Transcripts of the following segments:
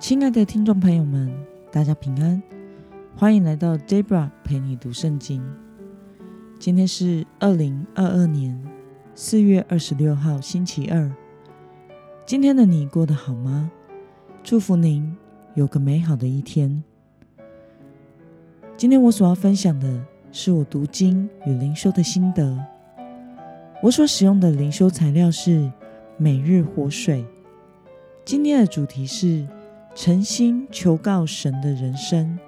親愛的聽眾朋友們，大家平安，歡迎來到 Debra 陪你讀聖經。今天是二零二二年四月二十六號，星期二。今天的你過得好嗎？祝福您有個美好的一天。今天我所要分享的是我讀經與靈修的心得。我所使用的靈修材料是《每日活水》。今天的主題是，誠心求告神的人生。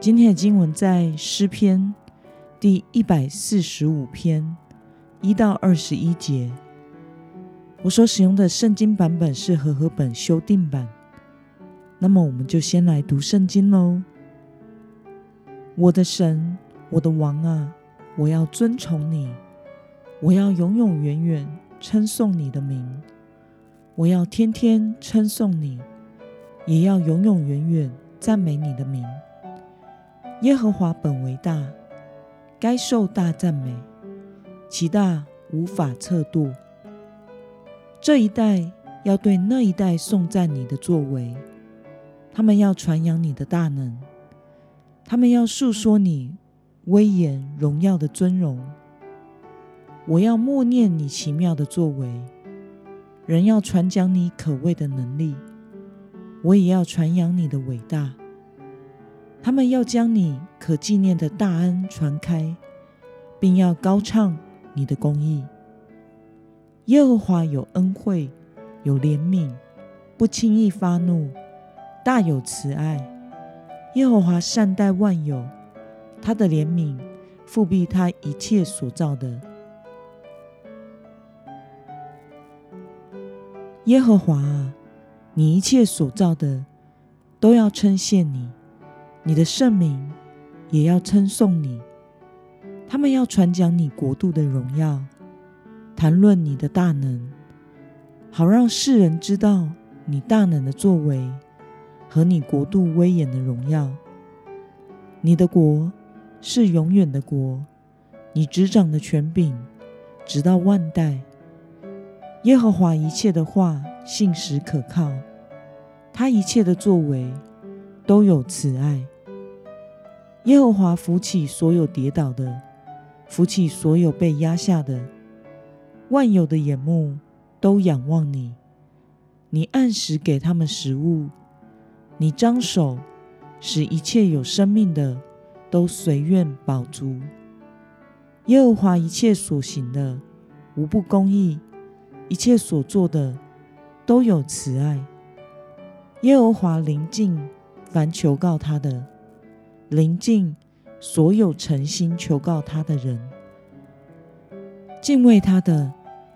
今天的經文在詩篇第一百四十五篇一到二十一節。我所使用的聖經版本是和合本修訂版。那麼我們就先來讀聖經嘍。我的神，我的王啊，我要尊崇你，我要永永遠遠稱頌你的名，我要天天稱頌你，也要永永遠遠讚美你的名。耶和華本為大，該受大讚美，其大無法測度。這一代要對那一代頌讚你的作為，他們要傳揚你的大能，他們要述說你威嚴榮耀的尊榮。我要默念你奇妙的作為，人要傳講你可畏的能力。我也要傳揚你的偉大。他們要將你可記念的大恩傳開，並要高唱你的公義。耶和華有恩惠，有憐憫，不輕易發怒，大有慈愛。耶和華善待萬有，他的憐憫覆庇他一切所造的。耶和華啊，你一切所造的都要稱謝你，你的聖民也要稱頌你。他們要傳講你國度的榮耀，談論你的大能，好讓世人知道你大能的作為和你國度威嚴的榮耀。你的國是永遠的國，你執掌的權柄直到萬代。耶和華一切的話。信實可靠，他一切的作為都有慈愛。耶和華扶起所有跌倒的，扶起所有被壓下的。萬有的眼目都仰望你，你按時給他們食物。你張手，使一切有生命的都隨願飽足。耶和華一切所行的，無不公義，一切所做的。都有慈愛，耶和華臨近，凡求告他的，臨近所有誠心求告他的人，敬畏他的，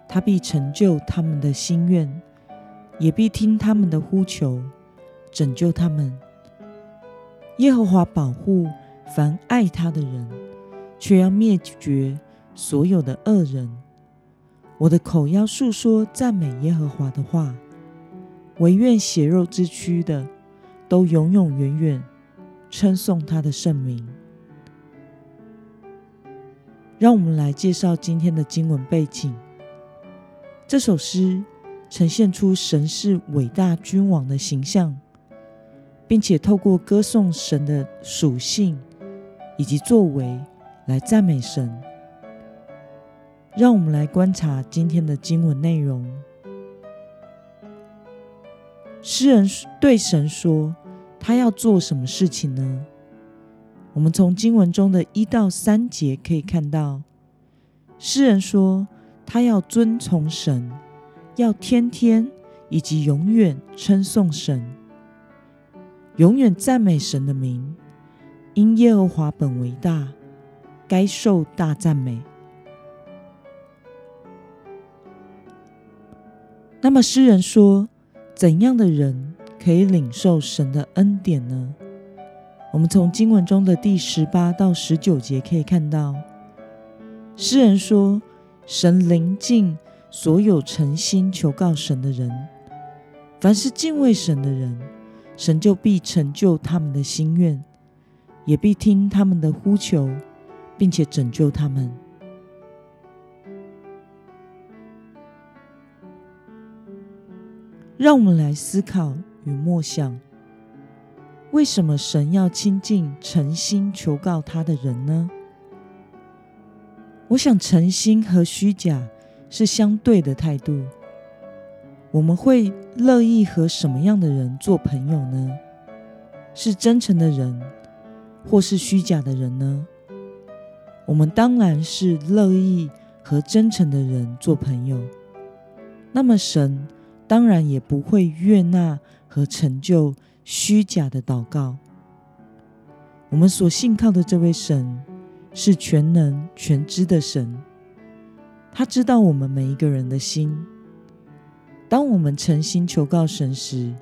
他必成就他們的心願，也必聽他們的呼求，拯救他們。耶和華保護凡愛他的人，卻要滅絕所有的惡人。我的口要述說讚美耶和華的話，惟願血肉之軀的都永永遠遠稱頌他的聖名。讓我們來介紹今天的經文背景。這首詩呈現出神是偉大君王的形象，並且透過歌頌神的屬性以及作為來讚美神。讓我們來觀察今天的經文內容。詩人對神說，他要做什麼事情呢？我們從經文中的一到三節可以看到，詩人說他要尊崇神，要天天以及永遠稱頌神，永遠讚美神的名，因耶和華本為大，該受大讚美。那麼，詩人說，怎樣的人可以領受神的恩典呢？我們從經文中的第十八到十九節可以看到，詩人說，神臨近所有誠心求告神的人，凡是敬畏神的人，神就必成就他們的心願，也必聽他們的呼求，並且拯救他們。讓我們來思考與默想：為什麼神要親近誠心求告他的人呢？我想，誠心和虛假是相對的態度。我們會樂意和什麼樣的人做朋友呢？是真誠的人，或是虛假的人呢？我們當然是樂意和真誠的人做朋友。那麼，神，當然也不會悅納和成就虛假的禱告。我們所信靠的這位神，是全能全知的神，他知道我們每一個人的心。當我們誠心求告神時，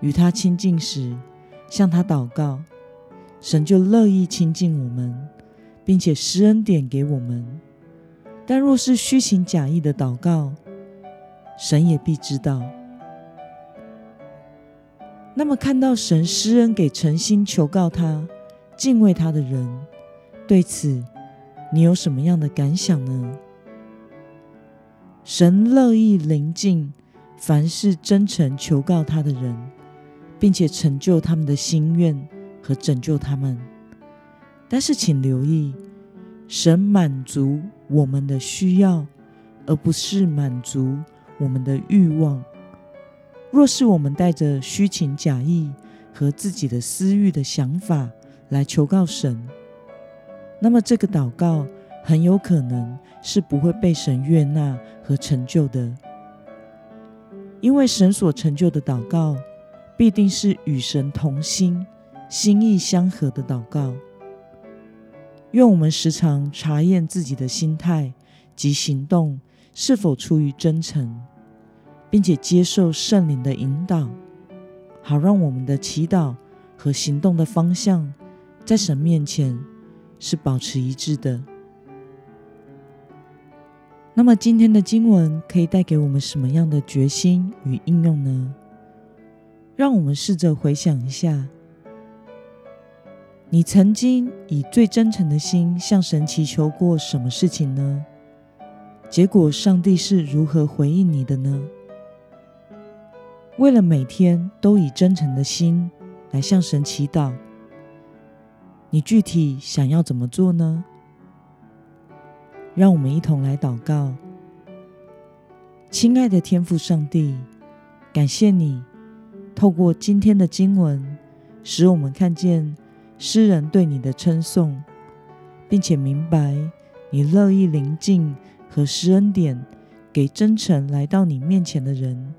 與他親近時，向他禱告，神就樂意親近我們，並且施恩典給我們。但若是虛情假意的禱告，神也必知道。那麼，看到神施恩給誠心求告他、敬畏他的人，對此你有什麼樣的感想呢？神樂意臨近凡是真誠求告他的人，並且成就他們的心願和拯救他們。但是，請留意，神滿足我們的需要，而不是滿足。我們的慾望，若是我們帶着虛情假意和自己的私慾的想法來求告神，那麼這個禱告很有可能是不會被神悅納和成就的。因為神所成就的禱告，必定是與神同心、心意相合的禱告。願我們時常查驗自己的心態及行動。是否出於真誠，並且接受聖靈的引導，好讓我們的祈禱和行動的方向在神面前是保持一致的。那麼今天的經文可以帶給我們什麼樣的決心與應用呢？讓我們試着回想一下，你曾經以最真誠的心向神祈求過什麼事情呢？結果，上帝是如何回應你的呢？為了每天都以真誠的心來向神祈禱，你具體想要怎麼做呢？讓我們一同來禱告，親愛的天父上帝，感謝你透過今天的經文，使我們看見詩人對你的稱頌，並且明白你樂意臨近。和施恩典給真誠來到你面前的人，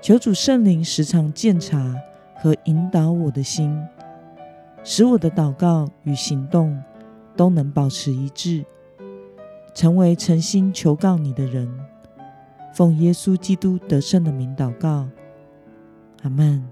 求主聖靈時常鑒察和引導我的心，使我的禱告與行動都能保持一致，成為誠心求告你的人。奉耶穌基督得勝的名禱告，阿門。